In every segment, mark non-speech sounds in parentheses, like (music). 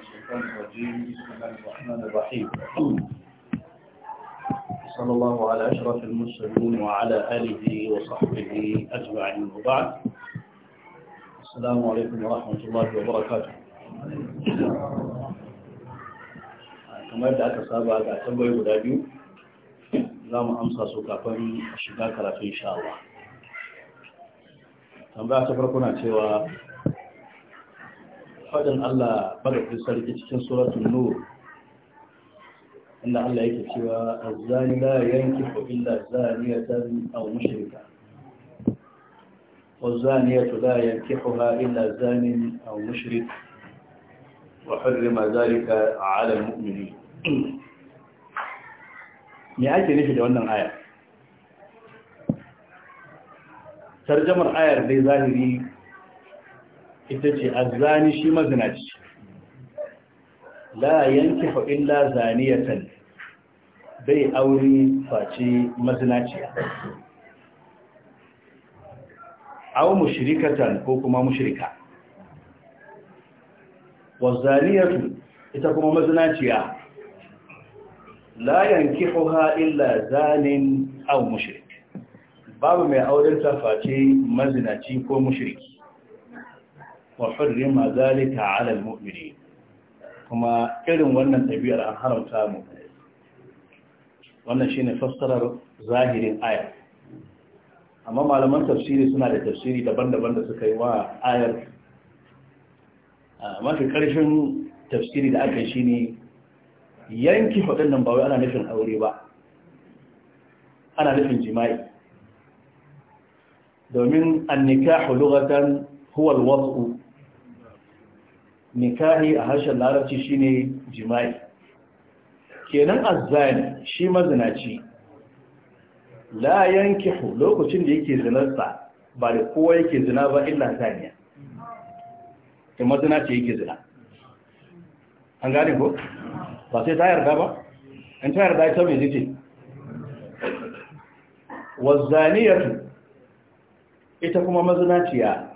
الشيطان الرجيم بسم الله الرحمن الرحيم صلى الله على أشرف المرسلين وعلى آله وصحبه أجمعين وبعد السلام عليكم ورحمة الله وبركاته كما يبدأ كسابة أعتبر ودابيو لا ما فمي أشكاك الشباك إن شاء الله tambaya ta farko fadin Allah barkin sarki cikin suratul nur inda Allah yake cewa azzani la yankihu illa zaniyatan aw mushrika والزانية لا ينكحها إلا زان أو مشرك وحرم ذلك على المؤمنين me ake nufi da wannan ayar tarjamar ayar dai zahiri ita ce zani shi mazinaci la yanki fa illa zaniyatan bai aure face mazinaciya aw mushrikatan ko kuma mushrika Wa zaniyatu ita kuma mazinaciya la ha illa zanin aw mushrik babu mai auren ta face mazinaci ko mushriki wa hurrima zalika ala almu'minin kuma irin wannan tabiyar an haramta mu wannan shine fassarar zahirin ayar amma malaman tafsiri suna da tafsiri daban-daban da suka yi wa ayar mafi karshen tafsiri da aka shi ne yanki faɗin ba ana nufin aure ba ana nufin jima'i domin annika hulugatan huwal wasu nikahi a harshen larabci shine jima'i kenan azzani shi mazinaci la yankihu lokacin da yake zinarsa ba da kowa yake zina ba illa zaniya in mazinaci yake zina an gane ko ba sai ta yarda ba in ta yarda ita mai zite wazzaniyatu ita kuma mazinaciya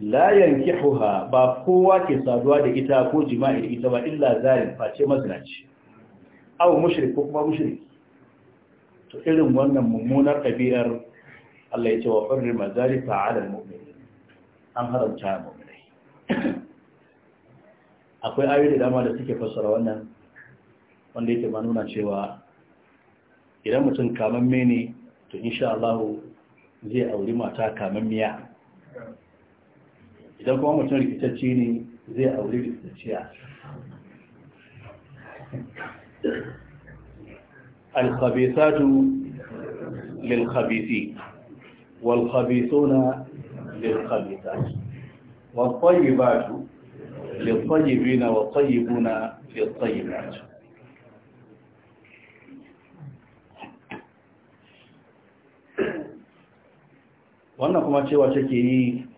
la yankihuha ba kowa ke saduwa da ita ko jima'i da ita ba illa zalim face mazinaci aw mushrik ko kuma mushriki to irin wannan mummunar ɗabi'ar Allah ya ce wa hurri zalika 'ala muminin an haramta mu'minai (clears throat) akwai ayoyi da dama da suke fassara wannan wanda yake ma nuna cewa idan mutum kamamme ne to insha Allah zai auri mata miya. idan kuma mutum rikitacce ne zai auri rikitacciya alkhabisatu lilkhabisi walkhabisuna lilkhabisat wattayibatu lilkhabibina wattayibuna lilkhabibat wannan kuma cewa take yi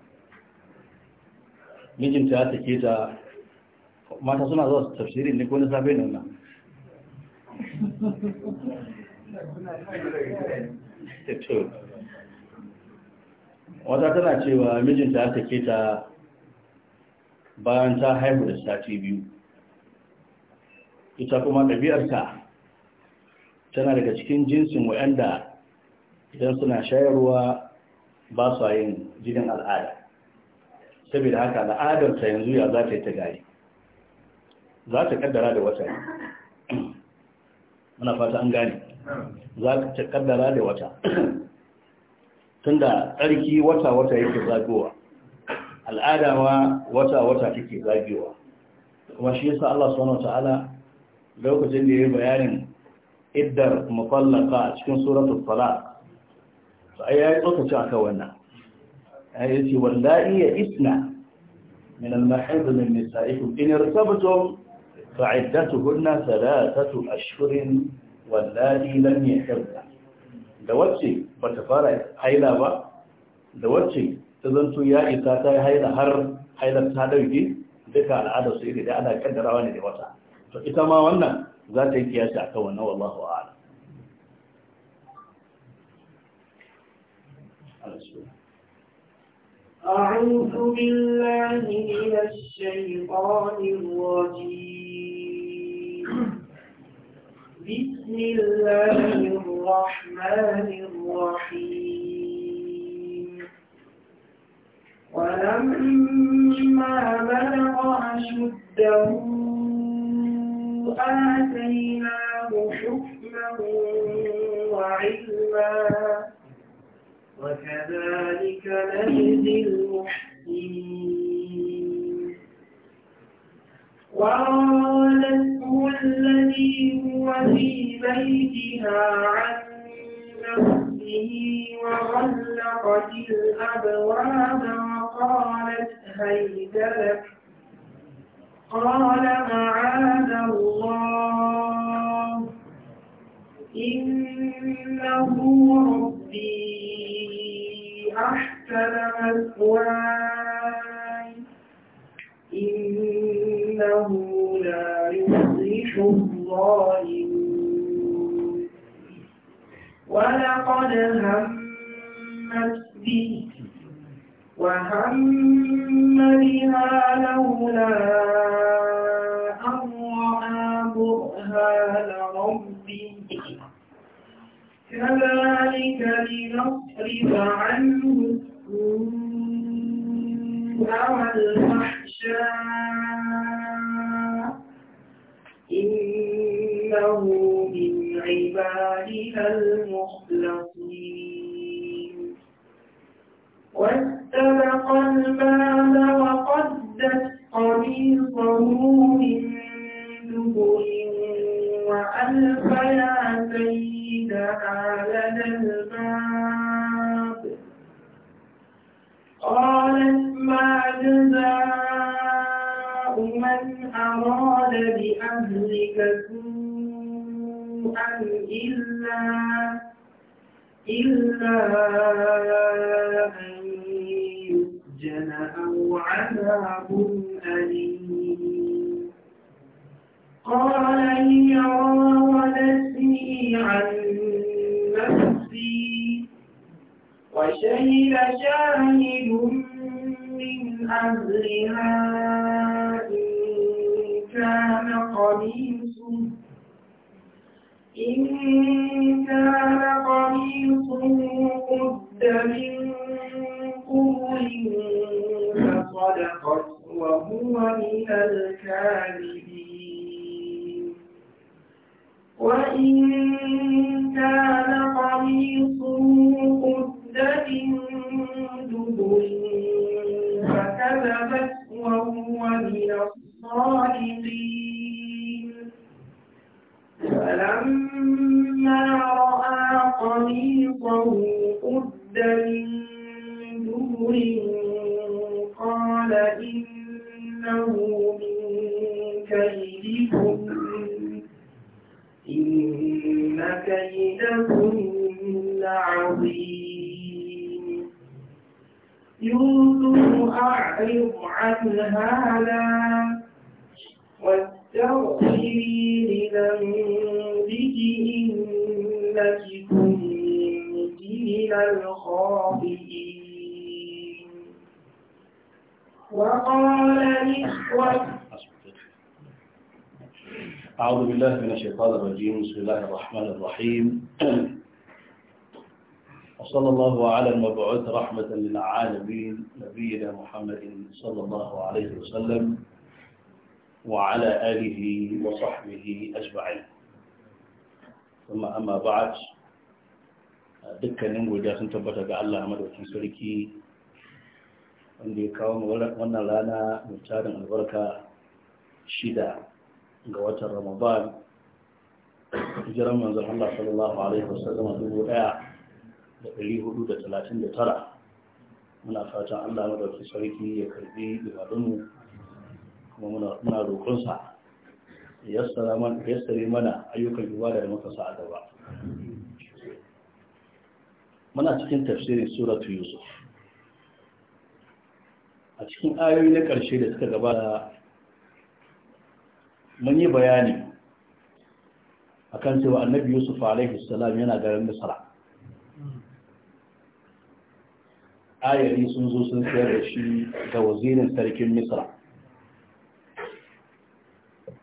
mijinta ya take ta mata suna zuwa tafsirin ne ko na safe nan wata tana cewa mijinta ya take ta bayan ta haihu da sati biyu ita kuma ɗabi'arta tana daga cikin jinsin wa'anda idan suna shayarwa ba su yin jinin al'ada saboda haka ta yanzu ya za ta yi ta gari za ta kaddara da wata muna fata an gani za ta kaddara da wata tunda tsarki wata-wata yake zagowa al'ada ma wata-wata take zagewa kuma shi yasa Allah subhanahu wataala lokacin da ya bayanin iddar mutallaka a cikin suratul talaq sai ya yi tsokaci aka wannan ya ce wallahi ya isna من المحيض من نسائكم إن ارتبتم فعدتهن ثلاثة أشهر والذي لم يحرد دواتي بتفارع حيلا با دواتي تظنت يا إساتا حيلا هر حيلا تهدو يجي ذكا عدو سيدي دعنا كدر واني دواتا فإتما وانا ذاتي كياسي أكوانا والله أعلم أعوذ بالله من الشيطان الرجيم بسم الله الرحمن الرحيم ولما بلغ أشده آتيناه حكما وعلما وكذلك نجزي المحسنين وراودته الذي هو في بيتها عن نفسه وغلقت الأبواب وقالت هيت لك قال معاذ الله إنه ربي أحسن مثواي إنه لا يصلح الظالمون ولقد همت به وهم بها لولا أن رأى برهان ربه كذلك لنصرف عنه السوء والفحشاء إنه من عبادنا المخلصين واستبق المال الباب قالت ما جزاء من أراد بأهلك سوءا إلا إلا أن يسجن أو عذاب أليم قال هي راودتني عن نفسي وشهد شاهد من أهلها إن كان قميصه إن كان قميصه الرحيم وصلى الله على المبعوث رحمة للعالمين نبينا محمد صلى الله عليه وسلم وعلى آله وصحبه أجمعين ثم أما بعد دكا نمو جاس انتبت الله أمد وتنسلكي عندي كوم ولنا من مرتاد البركة شدة غوات رمضان hijiran manzan Allah sallallahu alaihi wasallam dubu ɗaya da ɗari hudu da talatin da tara muna fatan Allah ɗauki sarki ya karbi ibadunmu kuma muna roƙonsa ya yassare mana ayyukan ibada da muka sa a gaba muna cikin tafsirin suratu yusuf a cikin ayoyi na ƙarshe da suka gabata mun yi bayani akan cewa annabi yusuf alaihi salam yana garin misra ayari sun zo sun sayar da shi ga wazirin sarkin misra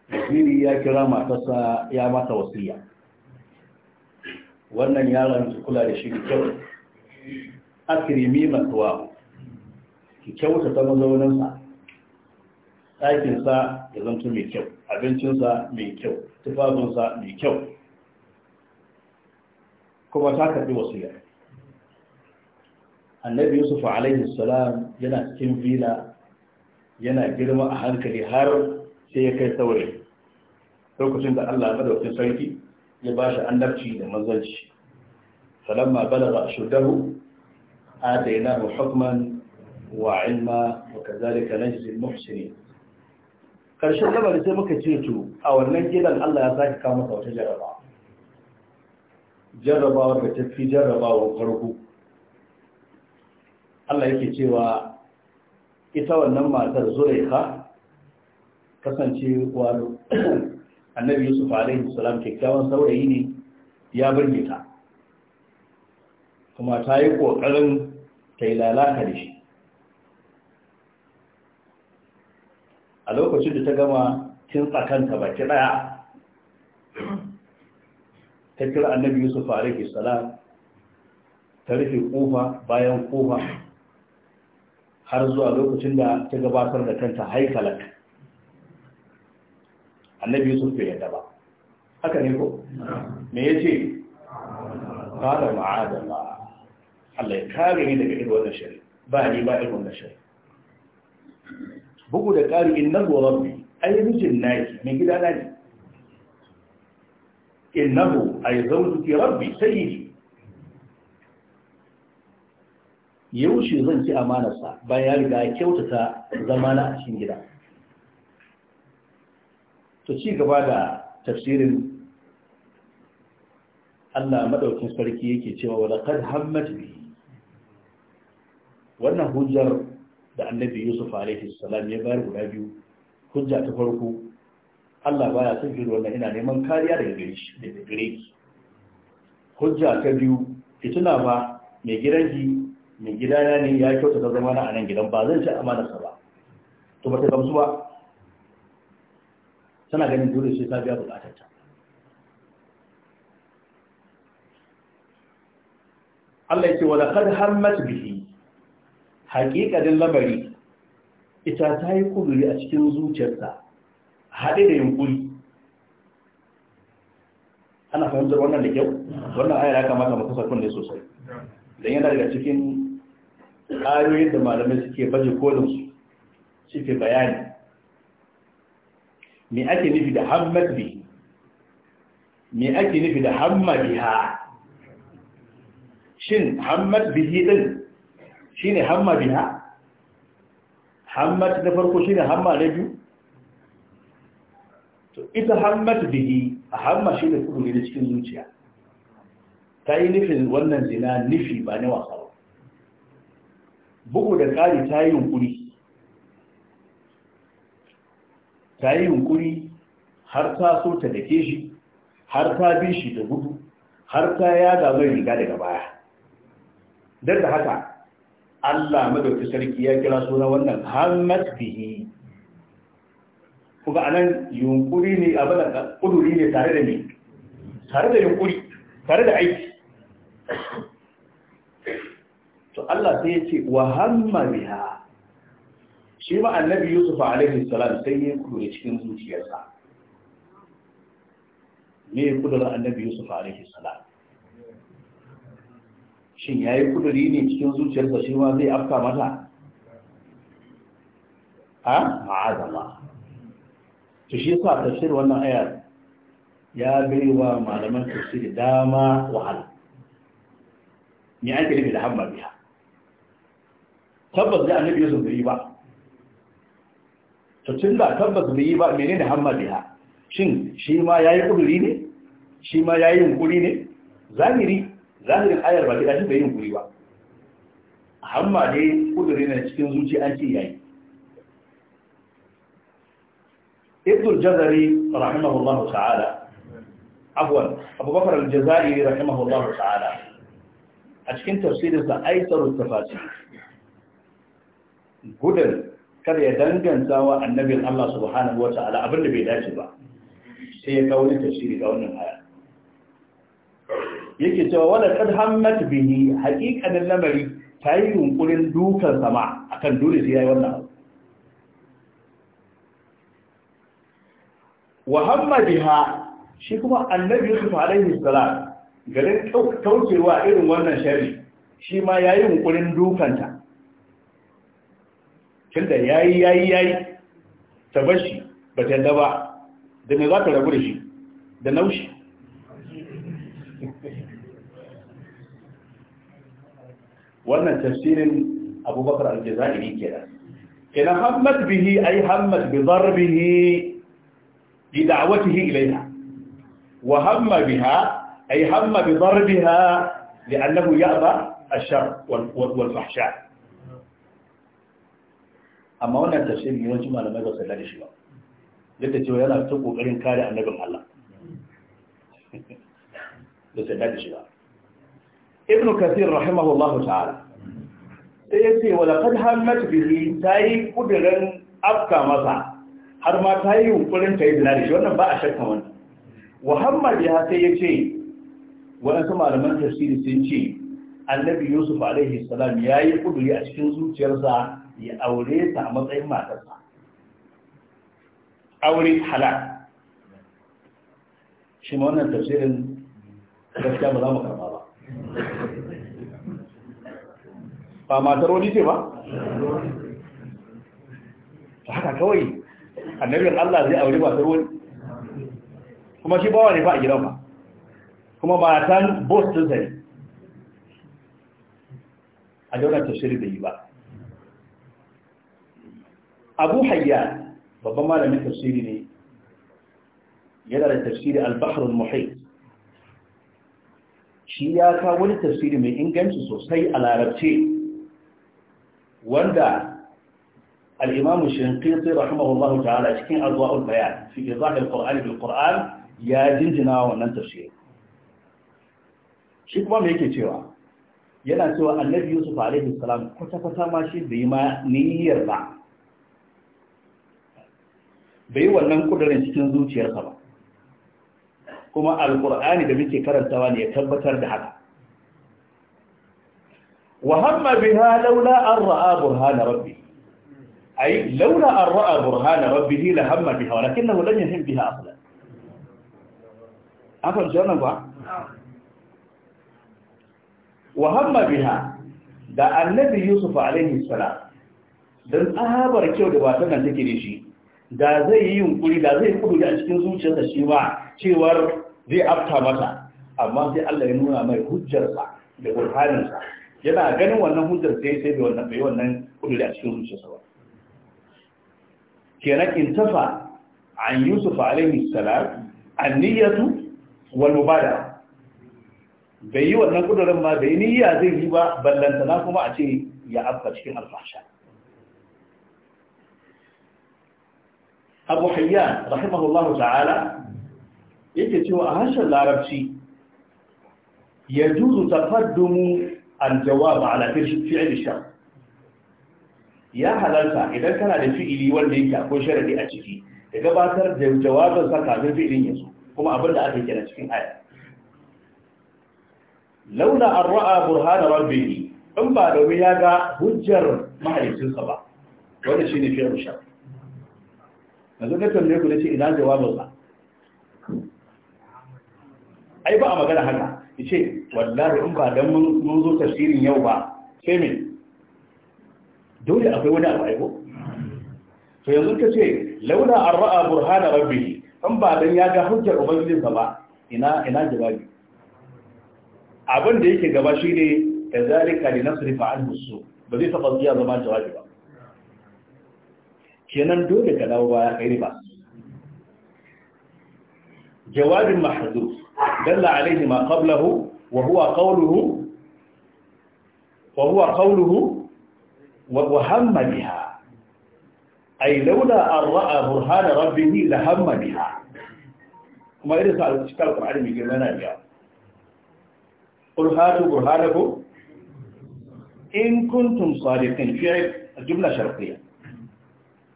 waziri ya kira matarsa ya mata wasiya wannan yaron su kula da shi da kyau akirimi matuwa ki kyauta ta mazauninsa ɗakinsa ya zanto mai kyau abincinsa mai kyau tufafinsa mai kyau kuma ta karɓi wasiya annabi yusuf alaihi salam yana cikin vila yana girma a hankali har sai ya kai saurin lokacin da allah ɗauki sarki ya ba shi annabci da manzanci falamma balaga ashuddahu آتيناه حكما وعلما وكذلك shi ne. Karshen labar sai muka ce to a wannan gidan Allah ya sake kama masa wata jarraba jarrabawar da ta fi jarrabawar farko Allah yake cewa ita wannan matar zuraika kasance wani (clears throat) annabi yusuf alaihi salam kyakkyawan saurayi ne ya birnita. ta kuma ta yi ƙoƙarin ta yi lalaka da shi a lokacin da ta gama kin tsakanta baki daya ta kira annabi yusuf alaihi salam ta rufe kofa bayan kofa har zuwa lokacin da ta gabatar da kanta haikalar annabi yusuf bai yadda ba haka ne ko me ya ce kada ma'adala Allah ya kare ni daga irin wannan shari'a ba ni ba irin wannan shari'a bugu da ƙari zuwa rabbi ai mijin naki mai gida na a yi zaune zawjuki rabbi yi. yaushe zan ci amanarsa bayan ya riga kyautata zama na cikin gida Ta ci gaba da tafsirin Allah maɗaukin sarki yake cewa wadda kan hammat wannan hujjar da annabi yusuf alaihi salam ya bayar guda biyu hujja ta farko Allah baya son jira wannan ina neman kariya daga gare shi daga gare ki hujja ta biyu ki tuna ba mai gidanki mai gidana ne ya kyauta ta zama na a nan gidan ba zan ci amanarsa ba to bata gamsu ba tana ganin dole sai ta biya ta. Allah ya ce wa laqad hammat bihi Haƙiƙarin labari ita ta yi kuduri a cikin zuciyarsa haɗe da yunkuri ana fahimtar wannan da kyau wannan ayar ya kamata mu kusa ne sosai don yana daga cikin ayoyin da malamai suke baje kolinsu suke bayani me ake nufi da hammat bi me ake nufi da hamma ha shin hammat bi din shine hamma biha hammat na farko shine hamma na biyu to ita hammat bihi a hamma shine kudu ne cikin zuciya ta yi nufin wannan zina nufi ba ne wasa ba bugu da ƙari ta yi yunkuri ta yi yunkuri har ta so ta dake shi har ta bi shi da gudu har ta yada mai riga daga baya don da haka Allah madauki sarki ya kira suna wannan hammat bihi kuma anan yunkuri ne a bada kuduri ne tare da ne tare da yunkuri tare da aiki to Allah sai ya ce wa hamma biha shi ma annabi Yusuf alaihi salam sai ya kuduri cikin zuciyarsa me ya kudura annabi Yusuf alaihi salam shin ya yi kuduri ne cikin zuciyarsa shi ma zai afka mata a ma'azama to shi yasa tafsir wannan ayar ya wa malaman tafsir dama wahala ni ake nufi da hamma biya tabbas da annabi yusuf bai yi ba to tun da tabbas bai yi ba menene hamma biya shin shi ma yayi kuduri ne shi ma yayi yunkuri ne zahiri zahirin ayar ba gida shi bai yin guri ba hamma dai kudure na cikin zuci an ce yayi ibn jazari rahimahullahu ta'ala afwan abubakar al-jazairi rahimahullahu ta'ala a cikin tafsirin sa aisaru tafasi. gudun kada ya danganta wa annabin Allah subhanahu wa ta'ala abin da bai dace ba sai ya kawo ni tafsiri ga wannan aya yake cewa wala kad hammat bihi haqiqatan lamari tayi yi yunkurin dukan sama akan dole sai yayi wannan abu wa hamma biha shi kuma annabi Yusuf alaihi salam garin kaucewa irin wannan sharri shi ma yayi yunkurin dukanta tunda yayi yayi yayi tabashi ba ta ba da me za ta rabu da shi da naushi wannan tafsirin abubakar aljazairi kenan kenan hammat bihi ay hammat bi darbihi li da'watihi ilayha wa hamma biha ay hamma bi darbiha li'annahu ya'ba ash-shar wal fahsha amma wannan tafsirin yawancin malamai ba su da shi ba duk da cewa yana ta kokarin kare annabin Allah da sai da shi ba ibn kathir rahimahullahu ta'ala sai ya ce walaqad hammat bihi tayi kudirin afka masa har ma tayi yunkurin tayi dinari shi wannan ba a shakka wannan wa hamma biha sai ya ce waɗansu malaman tafsiri sun ce annabi yusuf alaihi salam ya yi kuduri a cikin zuciyarsa ya aure ta a matsayin matarsa aure halal shi ma wannan tafsirin gaskiya ba za mu karɓa ba matar wani ce ba ta haka kawai annabin Allah zai auri matar wani kuma shi bawa ne ba a gidan ba kuma ba ta boss din sai a daular tafsiri da yi ba abu hayya babban malamin tafsiri ne yana da tafsiri al-bahrul shi ya kawo wani tafsiri mai inganci sosai a larabce wanda al'imamu shirinkirsai rahimahullahu ta'ala cikin azuwa'ul bayan fi izahar ƙor'ani da ƙor'an ya jinjina wannan tafsiri shi kuma mai yake cewa yana cewa annabi yusuf alaihi salam kwata-kwata ma shi bai ma niyyar ba bai wannan kudurin cikin zuciyarsa ba kuma alkur'ani da muke karantawa ne ya tabbatar da haka wa hamma biha laula an ra'a burhana rabbi ay laula an ra'a burhana rabbihi la hamma biha walakinahu lam yahim biha aslan afa jana ba wa hamma biha da annabi yusuf alaihi salam dan tsabar kyau da watan nan take da shi da zai yi yunkuri da zai kudu a cikin zuciyarsa shi ba cewar zai afta mata amma sai Allah ya nuna mai hujjarsa da burhaninsa yana ganin wannan hujjar sai sai bai wannan bai wannan kudu a cikin zuciyarsa ba kenan intafa an Yusuf alaihi salam anniyatu wal mubada bai yi wannan kudurin ma bai niyya zai yi ba ballantana kuma a ce ya afka cikin alfasha abu hayyan rahimahullahu ta'ala yake cewa a harshen larabci ya juzu tafaddumu aljawaba ala fi'il shar ya halarta idan kana da fi'ili wanda yake akwai sharadi a ciki da gabatar da jawabin sa kafin fi'ilin ya kuma abin da aka kira cikin aya launa an ra'a burhana rabbihi in ba domin ya ga hujjar mahaifinsa ba wanda shine fi'il shar yanzu na tambaye ku na ce ina jawabin ba ai ba a magana haka ya ce wallahi in ba don mun zo tasirin yau ba sai me dole akwai wani abu aiko to yanzu ka ce launa an ra'a burhana rabbihi in ba don ya ga hujjar ubangijinsa ba ina ina jawabi abin da yake gaba shine kazalika linasrifa anhu su ba zai taba zuwa zama jawabi ba kenan dole ka dawo baya kai riba jawabin mahdhuf dalla alayhi ma qablahu wa huwa qawluhu wa huwa qawluhu wa wahamma biha ay lawla an ra'a burhana rabbih la hamma biha kuma irin sa cikin alqur'ani mai girma na biya qul hatu burhanakum in kuntum sadiqin fi jumla sharqiyya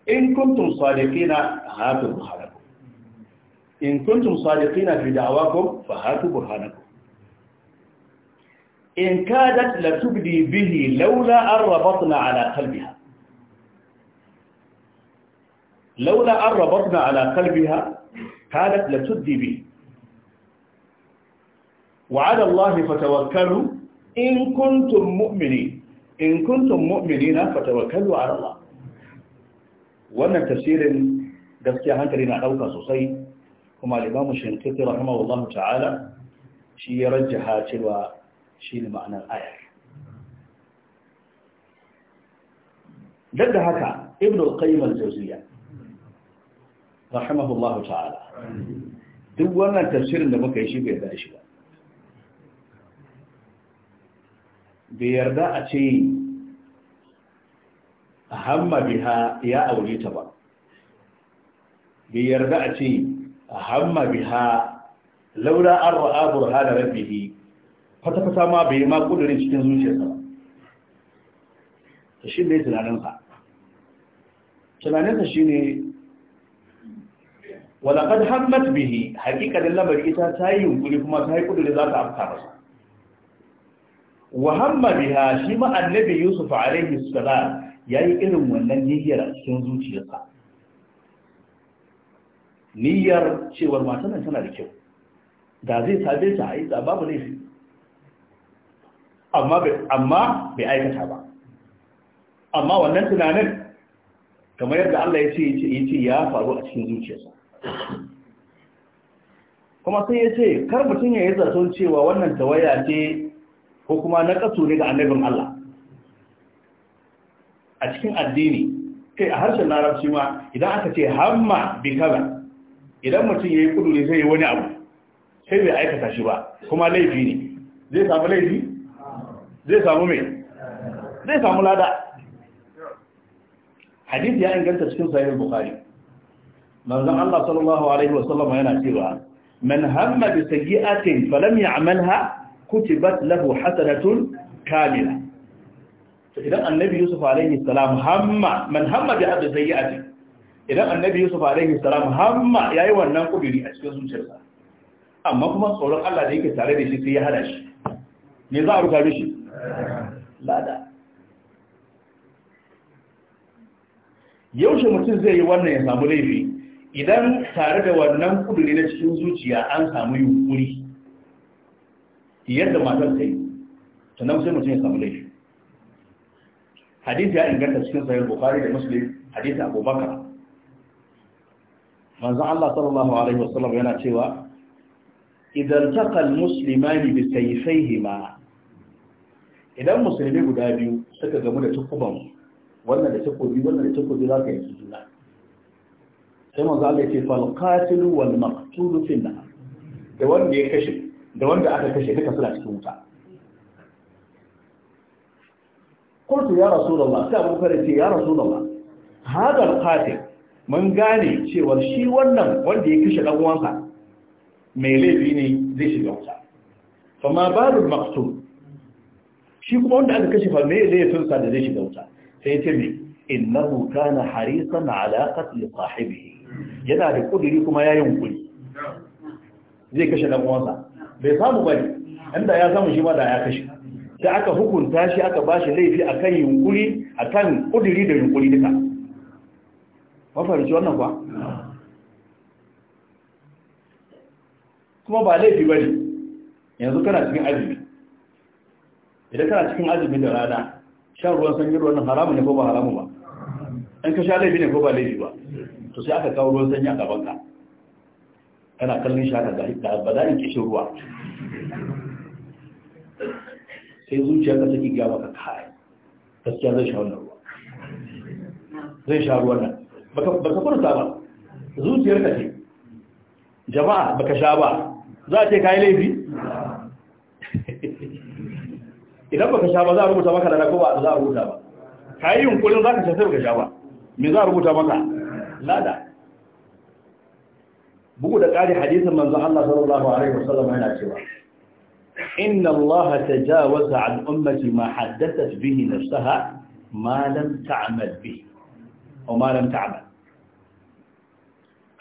إن كنتم صادقين هاتوا برهانكم إن كنتم صادقين في دعواكم فهاتوا برهانكم إن كادت لتبدي به لولا أن ربطنا على قلبها لولا أن ربطنا على قلبها كادت لتبدي به وعلى الله فتوكلوا إن كنتم مؤمنين إن كنتم مؤمنين فتوكلوا على الله wannan tafsirin gaskiya hankali na dauka sosai kuma al-Imam shinkiti rahimahullahu ta'ala shi ya rajjaha cewa shi ne ma'anar ayar duk da haka ibn al-qayyim al-jawziyya rahimahullahu ta'ala duk wannan tafsirin da muka yi shi bai da shi ba bai yarda a ce hamma biha ya aure ta ba bai yarda a ce hamma biha laura an ra'a burhana rabbihi fata-fata ma bai ma kudurin cikin zuciyarsa ba ta shi ne tunaninsa tunaninsa shi ne walaƙad hammat bihi haƙiƙanin lamari ita ta yi yunƙuri kuma ta yi kudurin za ta afta masa wa hamma biha shi ma annabi yusuf alaihi salam ya yi irin wannan niyyar a cikin zuciyarsa niyyar cewar matan nan tana da kyau da zai sabe ta a yi ba laifi amma bai aikata ba amma wannan tunanin kamar yadda Allah ya ce ya ce ya faru a cikin zuciyarsa kuma sai ya ce kar mutum ya yi zaton cewa wannan tawaya ce ko kuma na ƙasu ne ga annabin Allah a cikin addini kai a harshen larabci ma idan aka ce hamma bi kaza idan mutum yayi kudure zai yi wani abu sai bai aikata shi ba kuma laifi ne zai samu laifi zai samu mai zai samu lada hadith ya inganta cikin sahih bukhari manzon Allah sallallahu alaihi wasallam yana cewa man hamma bi sayyi'atin falam ya'malha kutibat lahu hasanatun kamila idan annabi yusuf alaihi salam hamma man hamma bi hadd sayyi'ati idan annabi yusuf alaihi salam hamma yayi wannan kudiri a cikin zuciyarsa amma kuma tsoron Allah da yake tare da shi sai ya hada shi me za a rubuta mishi lada yaushe mutum zai yi wannan ya samu laifi idan tare da wannan kudiri na cikin zuciya an samu yunkuri yadda matar ta yi sannan sai mutum ya samu laifi hadisi ya inganta cikin sahih bukhari da muslim hadisi abubakar manzon Allah sallallahu alaihi wasallam yana cewa idan taqal muslimani bi sayfayhima idan musulmi guda biyu suka gamu da tukuban wannan da takobi wannan da takobi za ka yi juna sai manzo Allah ya ce fal qatilu wal maqtulu fi nar da wanda ya kashe da wanda aka kashe duka suna cikin wuta qultu ya rasulullah sai abu bakar ce ya rasulullah hadal qatil mun gane cewa shi wannan wanda ya kashe dan uwansa mai laifi ne zai shiga wuta fa ma balu maqtul shi kuma wanda aka kashe fa mai laifin sa da zai shiga wuta sai ce me innahu kana harisan ala qatl sahibihi yana da kudiri kuma yayin kuri zai kashe dan uwansa bai samu bari inda ya samu shi ma da ya kashe da aka hukunta shi aka ba shi laifi a kan yunkuri a kan ƙudiri da yunkuri duka mafarci wannan ba kuma ba laifi ba ne yanzu kana cikin azumi idan kana cikin azumi da rana shan ruwan sanyi ruwan haramu ne ko ba haramu ba in ka sha laifi ne ko ba laifi ba to sai aka kawo ruwan sanyi a gabanka kana kallon shi aka ga ba za in kishin ruwa sai zuciya ka saki gaba ka kai gaskiya zai sha wannan ruwa zai sha ruwan nan baka furta ba zuciyar ka ce jama'a baka sha ba za a ce kai laifi (laughs) idan baka sha ba za a rubuta maka da ko ba za a rubuta ba kai yunkurin za ka sha sai baka sha ba me za a rubuta maka lada bugu da ƙari hadisin manzo Allah sallallahu alaihi wasallam yana cewa inna Allah tajawaza an ummati ma haddathat bihi nafsaha ma lam ta'mal bihi aw ma lam ta'mal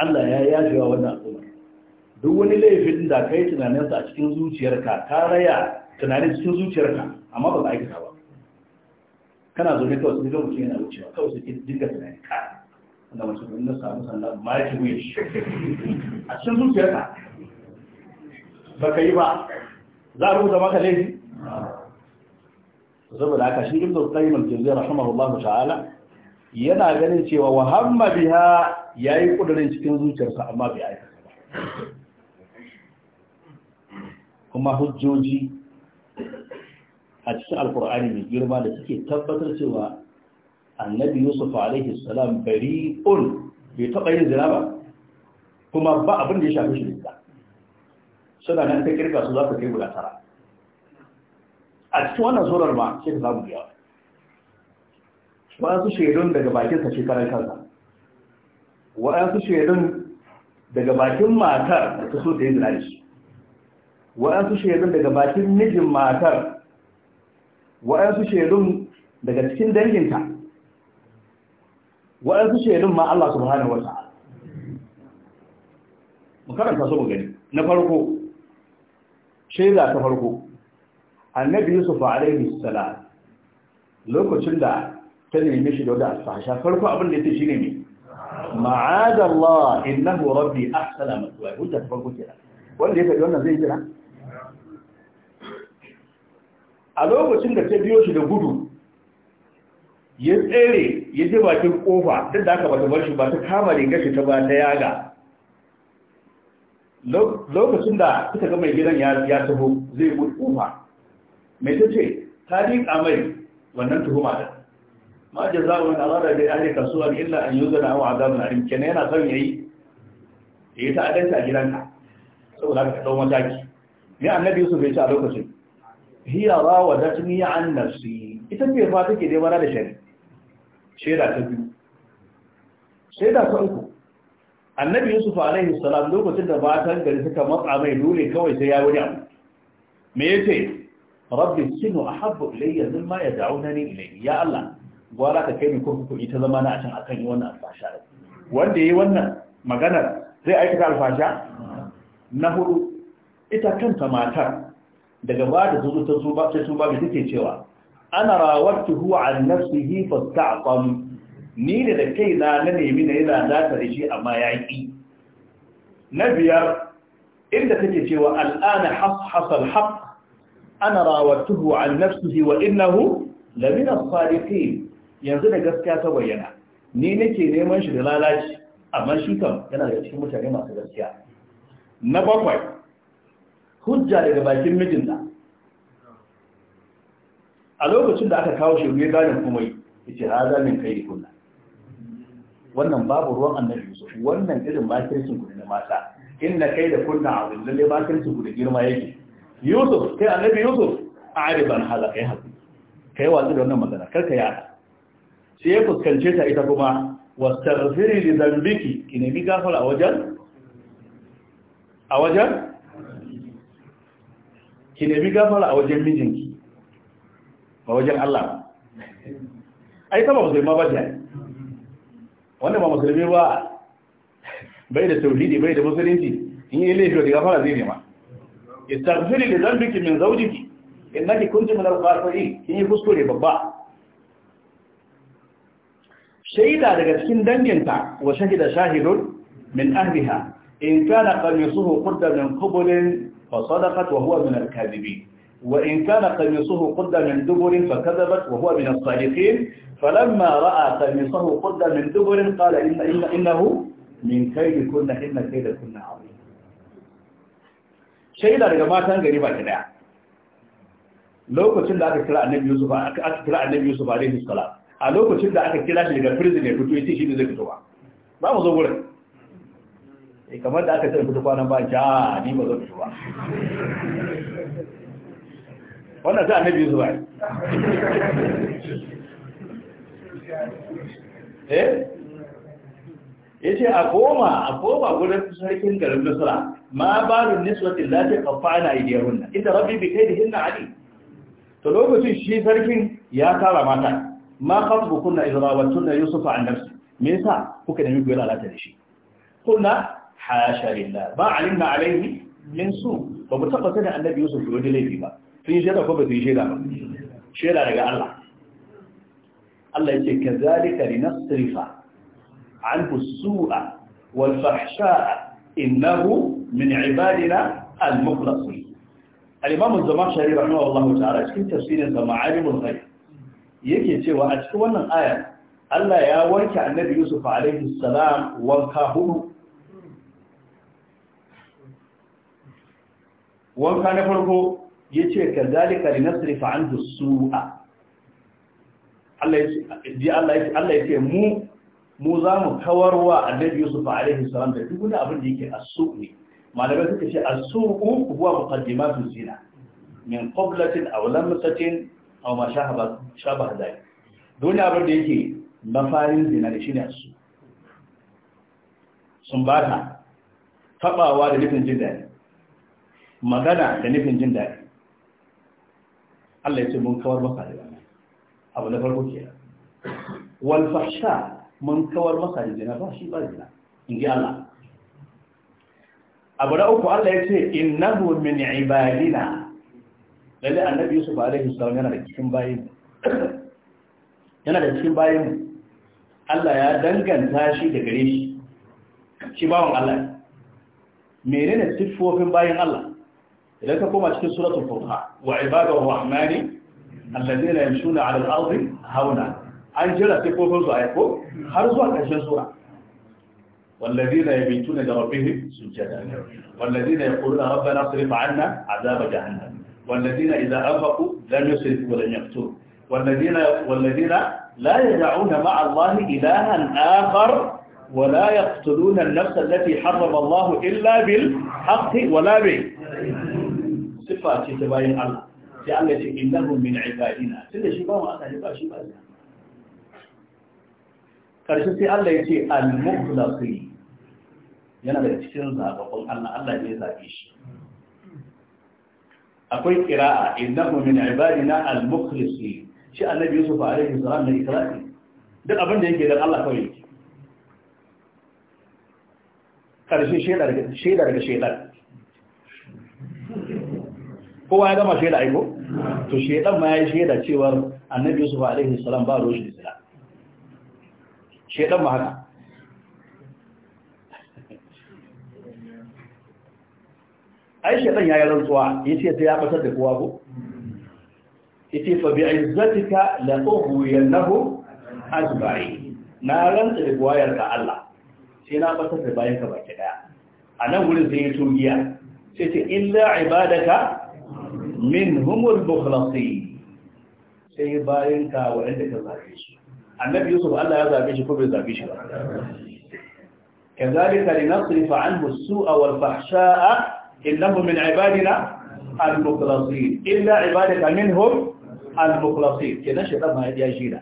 Allah ya yafe wa wannan al'umma duk wani laifin da kai tunaninsa a cikin zuciyarka ka raya tunanin cikin zuciyarka amma ba ka aikata ba kana zo ne kawai sun gama yana wucewa kawai su ke dinga tunanin ka wanda mace ko na samu sannan ma ya ci wuya a cikin zuciyarka ba ka yi ba za a rubuta maka laifi saboda haka shi ibnu qayyim al-jawziyya rahimahullahu ta'ala yana ganin cewa wa hamma biha yayi cikin zuciyarsa amma bai aikata ba kuma hujjoji a cikin alkur'ani mai girma da suke tabbatar cewa annabi yusuf alaihi salam bari'un bai taɓa yin zina ba kuma ba abin da ya shafi shi da suna nan ta kirka su za su kai guda tara a cikin wannan surar ma sai ka samu yawa waɗansu shaidun daga bakin shi karar kansa waɗansu shaidun daga bakin matar da ta so ta yi zina shi waɗansu shaidun daga bakin mijin matar waɗansu shaidun daga cikin danginta waɗansu shaidun ma Allah subhanahu wa ta'ala mu karanta su mu gani na farko shaida ta farko annabi yusuf alaihi salam lokacin da ta nemi shi da wadda sasha farko abin da ya shi ne mai ma'ada Allah innahu rabbi ahsana maswaya hujja ta farko kira wanda ya faɗi wannan zai jira a lokacin da ta biyo shi da gudu ya tsere ya je bakin kofa duk da aka bata bar shi ba ta kama rigar shi ta ba ta yaga lokacin da suka ga mai gidan ya taho zai gudu kuma mai ta ce ta riƙa mai wannan tuhuma da ma a wani al'ada da ahli kasuwa illa an a aw azabun alim kenan yana son yayi yi ta adanta a gidanka saboda ka dau mataki ne annabi Yusuf ya ce a lokacin hiya rawadatni an nafsi ita ce fa take dai bara da shari sheda ta biyu shaida ta uku annabi yusuf alaihi salam lokacin da matan gari suka matsa mai dole kawai sai ya wuri abu me ya yace rabbi sinu ahabbu ilayya mimma yad'unani ilayhi ya allah gwara ka kai ni kurkuku ita zama na a can akan yi wannan alfasha wanda yi wannan maganar zai aikata alfasha na hudu ita kanta matar daga ba da zuzu ta su ba sai su ba take cewa ana rawartuhu an nafsihi fasta'qam ni da da kai na na nemi na yana za ta rishi amma ya na biyar inda take cewa al'ana hasal haq ana rawatuhu an nafsihi wa innahu lamina sadiqin yanzu da gaskiya ta bayyana ni nake neman shi da lalaci amma shi kam yana da cikin mutane masu gaskiya na bakwai hujja daga bakin mijinta a lokacin da aka kawo shi ne gane kuma ce haza min kai kunna wannan babu ruwan annabi yusuf wannan irin makircin ku na mata inda kai da kunna abu lalle makircin ku da girma yake yusuf kai annabi yusuf a ariban hala kai haku kai watsi da wannan magana kar ka yada sai ya fuskance ta ita kuma wastaghfiri li dhanbiki ki nemi gafara a wajen a wajen ki nemi gafara a wajen mijinki A wajen Allah ai kama ba zai ma ba jai wannan ba musulmi ba bai da tauhidi bai da musulunci in yi laifi da gafara zai nema istaghfiri li dhanbiki min zawjiki innaki kunti min al-khasirin kin yi kuskure babba shaida daga cikin danginta wa shahida shahidun min ahliha in kana qamisuhu qudda min qubulin fa sadaqat wa huwa min al-kadhibin وإن كان قميصه قد من دبر فكذبت وهو من الصادقين فلما رأى تميصه قد من دبر قال إن إن إنه من كيد كنا إن كيد كنا عظيم شيدا daga matan gari ba ta daya lokacin da aka kira annabi Yusuf aka kira annabi Yusuf alaihi salam a lokacin da aka kira shi daga prison ya fito yace shi ne zai fito ba ba mu zo gurin eh kamar da aka ce fito kwanan ba ja ni ba zo fito ba wannan sai annabi Yusuf ai Eh? ya ce a koma a koma gudun sarkin garin misra ma ba balin niswatin lati kafana idiyarunna inda rabbi bi kai da hinna ali to lokacin shi sarkin ya kara mata ma kafbu kunna izrabatun na yusufa a nafsi me yasa kuka nemi goyon alata da shi kunna hasha lillah ba a alaihi min su ba mu taba da annabi yusuf da wani laifi ba sun yi shaida ko ba su yi shaida ba shaida daga Allah Allah yace kazalika linasrifa anhu su'a wal fahsha'a innahu min ibadina al mukhlasin al-imam az-zamakhshari rahimahullahu ta'ala cikin tafsirin da ma'alimul ghaib yake cewa a cikin wannan aya Allah ya warke annabi Yusuf alaihi salam wanka hudu wanka na farko ya ce ka zalika li nasrifa an su'a Allah ya Allah ya ce mu mu za mu kawar wa annabi Yusuf alaihi salam da duk wani abin da yake asu ne malamai suka ce asu huwa muqaddimatu zina min qablatin aw lamsatin aw ma shahaba shabaha dai duk abin da yake mafarin zina da shine asu sun ta tabawa da nufin jin daɗi magana da nufin jin daɗi Allah ya ce mun kawar maka da abu na farko ke wal fahsha mun kawar masa da ba shi ba zina in ji Allah abu na uku Allah ya ce innahu min ibadina lalle annabi Yusuf alaihi salam yana da cikin bayin yana da cikin bayin Allah ya danganta shi da gare shi shi bawon Allah menene siffofin bayin Allah idan ka koma cikin suratul furqan wa ibadur rahmani الذين يمشون على الأرض هونا أنجلة تقول زائفه خرزوا الجزورة والذين يبيتون لربهم سجدا والذين يقولون ربنا اصرف عنا عذاب جهنم والذين إذا أنفقوا لم يسرفوا ولم يقتلوا والذين والذين لا يدعون مع الله إلها آخر ولا يقتلون النفس التي حرم الله إلا بالحق ولا به صفة تباين الله sai Allah ce innahu min ibadina tunda shi ba mu aka ba shi ba karshe sai Allah ya ce al-mukhlasin yana da cikin zababbun Allah Allah ne ya zabe shi akwai qira'a innahu min ibadina al-mukhlasin shi annabi Yusuf alaihi salam ne ikrari duk abin da yake da Allah kawai karshe shaidar ga shaidar kowa ya gama shaida aiko to shaidan ma ya yi shaida cewar annabi yusuf alaihi salam ba roshi da zina shaidan ma haka ai shaidan ya yi rantsuwa ya ce ta ya batar da kowa ko ya ce fa bi izzatika la ughwiyannahu ajma'in na rantsa da buwayar ka Allah sai na batar da bayan ka baki daya a nan wurin sai ya tugiya sai ce illa ibadaka منهم المخلصين شيء بارين كا وعندك الزابيش النبي يوسف قال لا يا زابيش كبر زابيش كذلك لنصرف عنه السوء والفحشاء إنه من عبادنا المخلصين إلا عبادك منهم المخلصين كنا شيطان ما يدي أجينا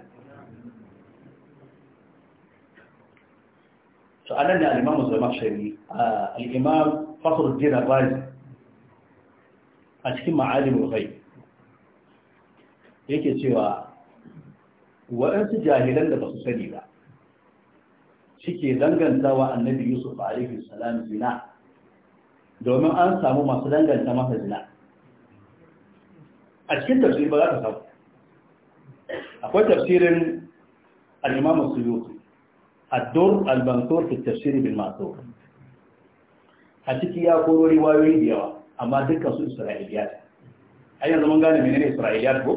سألني الإمام الزمخشري آه، الإمام فخر الدين الرازي a cikin ma'alimin rai yake cewa waɗansu jahilan da ba su sani ba suke danganta wa annabi yusuf a alaihi salam zina domin an samu masu danganta masa zina a cikin tafsir ba za ka samu akwai tafsirin al'imamu suyuti addur al-mansur fi tafsiri bil masu. a ciki ya koro riwayoyi da yawa amma dukkan su isra'iliyat a yanzu mun gane menene isra'iliya ko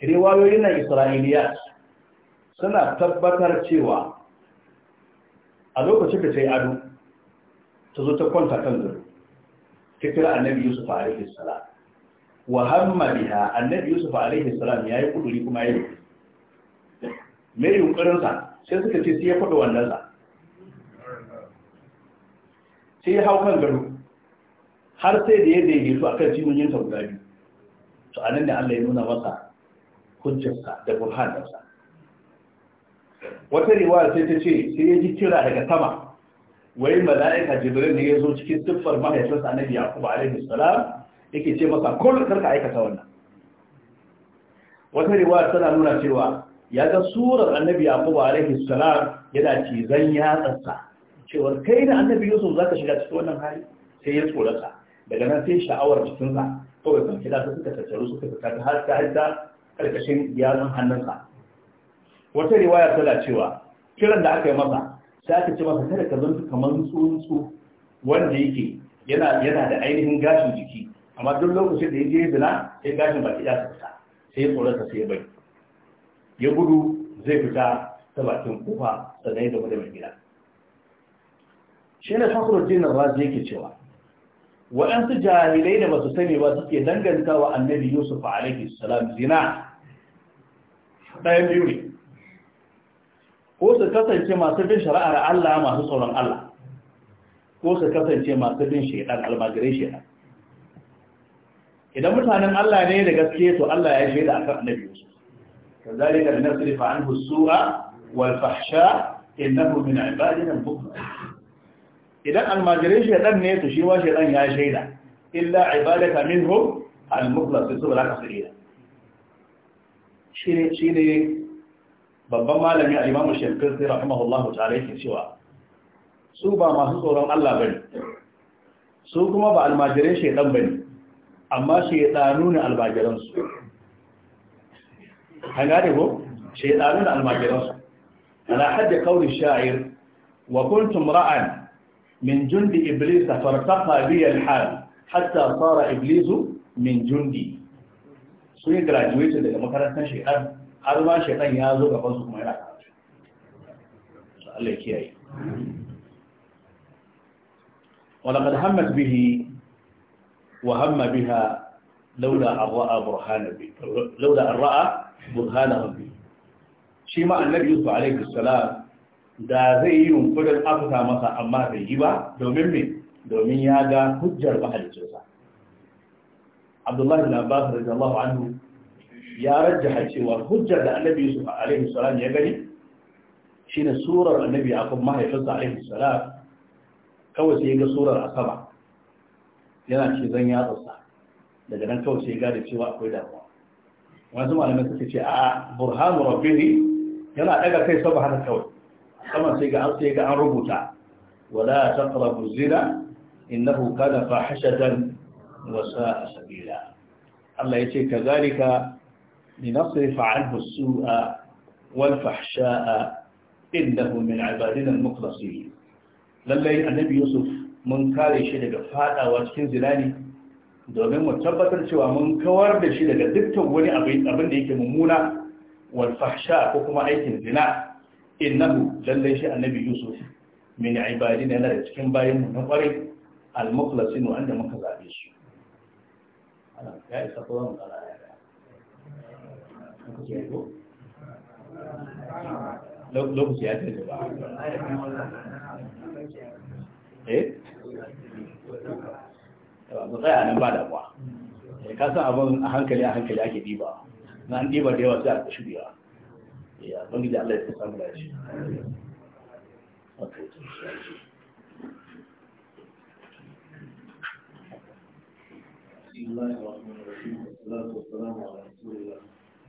riwayoyin na Isra'iliya suna tabbatar cewa a lokacin da ta yi ado ta zo ta kwanta kan zuru ta kira annabi yusuf alaihi salam wa hamma biha annabi yusuf alaihi salam ya yi kuduri kuma ya yi mai yunkurinsa sai suka ce sai ya faɗi wannan sa sai ya hau kan gado har sai da ya daidaitu a kan cikin guda biyu to a nan ne Allah ya nuna masa hujjarsa da burhanarsa wata riwaya sai ta ce sai ya ji kira daga sama wai mala'ika jibril ne ya zo cikin siffar mahaifinsa annabi yaqub alaihi salam yake ce masa kullum karka aikata wannan wata riwaya tana nuna cewa ya ga surar annabi yaqub alaihi salam yana cizan yatsarsa cewar kai da annabi yusuf za ka shiga cikin wannan hali sai ya tsorata daga nan sai sha'awar jikinsa kawai kan kida ta suka tattaru suka fita ta har ta haita karkashin yaron hannunsa wata riwaya tana cewa kiran da aka yi masa sai aka ce masa kada ka zanta kamar tsuntsu wanda yake yana da ainihin gashin jiki amma duk lokacin da ya je zina sai gashin baki ya fita sai ya tsorata sai ya bai ya gudu zai fita ta bakin kufa sannan da mai gida shi ne fakhruddin razi yake cewa waɗansu jahilai da basu sani ba suke danganta wa annabi yusuf a alaihi salam zina ɗaya biyu ne ko su kasance masu bin shari'ar Allah masu tsoron Allah ko su kasance masu bin shaidan almajirai shaidan idan mutanen Allah ne da gaske to Allah ya shaida a akan annabi Yusuf kazalika linasrifa anhu as-su'a wal fahsha innahu min ibadina al-mukhlas idan almajirai shaidan ne to shi ma shaidan ya shaida illa ibadaka minhum al-mukhlasin saboda haka sirina shi ne babban malami a imamu shekar sai rahimahullahu ta'ala yake cewa su ba masu tsoron Allah bane su kuma ba almajirai shaidan bane amma shaidanu ne almajiransu an gane ko shaidanu ne almajiransu ala hadda kauli sha'ir wa kuntum ra'an من جند إبليس فارتقى بي الحال حتى صار إبليس من جندي sun yi graduated daga makarantar shekar har ma shekar ya zo gaban su kuma yana karatu Allah ya kiyaye ولقد همت به وهم بها لولا أن رأى برهان به لولا أن رأى برهانه به شيء ما النبي يوسف عليه السلام da zai yi yunkurin afisa masa amma zai yi ba domin ne domin ya ga hujjar mahalicinsa abdullahi bin da Jallahu anhu ya rajjaha cewa hujjar da annabi a Alayhi salaam ya gani Shi ne surar annabi a akan mahaifinsa Alayhi salaam. kawai sai ya ga surar asaba yana ce zan ya tsatsa daga nan kawai sai ya gane cewa akwai damuwa wasu malamai suka ce a burhanu rabbihi yana ɗaga kai saboda haka kawai kama sai ga an sai ga an rubuta wala taqrabu zina innahu kana fahishatan wa sa'a sabila Allah yace kazalika linasrifa anhu as-su'a wal fahsha'a innahu min ibadina al-mukhlasin lallai annabi Yusuf mun kare shi daga fadawa cikin zina ne domin mu tabbatar cewa mun kawar da shi daga dukkan wani abin da yake mummuna wal fahsha ko kuma aikin zina innahu lallai shi annabi yusuf min ibadin yana da cikin bayan mu na kwarai al-mukhlasin wanda muka zabe shi ya isa ko zan kala ya lokaci ya ce ba eh ba tsaya nan ba da kwa eh, ka san abin a hankali a hankali ake diba na an diba da yawa sai a shirya ya bangi da Allah ya kusa mu dace بسم الله الرحمن الرحيم والصلاة والسلام على رسول الله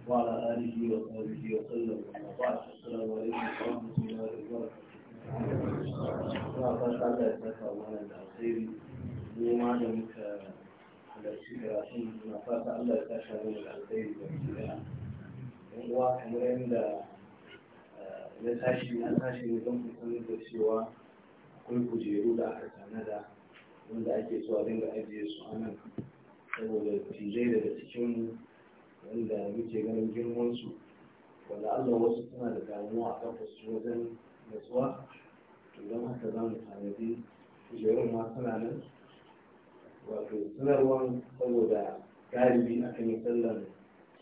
وعلى آله وصحبه وسلم وبعد السلام عليكم ورحمة الله وبركاته. Ina fata da ya saka wannan da alheri mu ma da muka halarci karatun na fata Allah ya kashe mana da alheri da uwa kamar yadda ya eh, tashi tashi ne don kusan da cewa akwai kujeru da aka tanada wanda ake so a dinga ajiye su a nan saboda tijai daga cikin wanda muke ganin girmansu wanda allah wasu suna da damuwa a kafa su wajen natsuwa to don haka za mu tanadi kujerun ma suna nan wato sanarwan saboda galibi akan yi sallan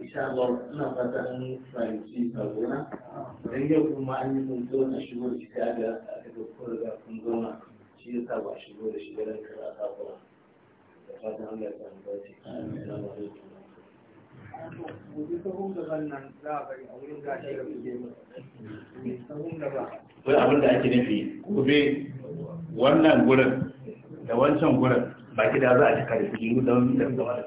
insha Allah ina fata an fahimci sabona yau kuma an yi kun da ta ba shigo da ta da ta za a da wani abin da ake nufi gobe wannan gurin da wancan gurin baki da za a cika da kuɗi don da zama da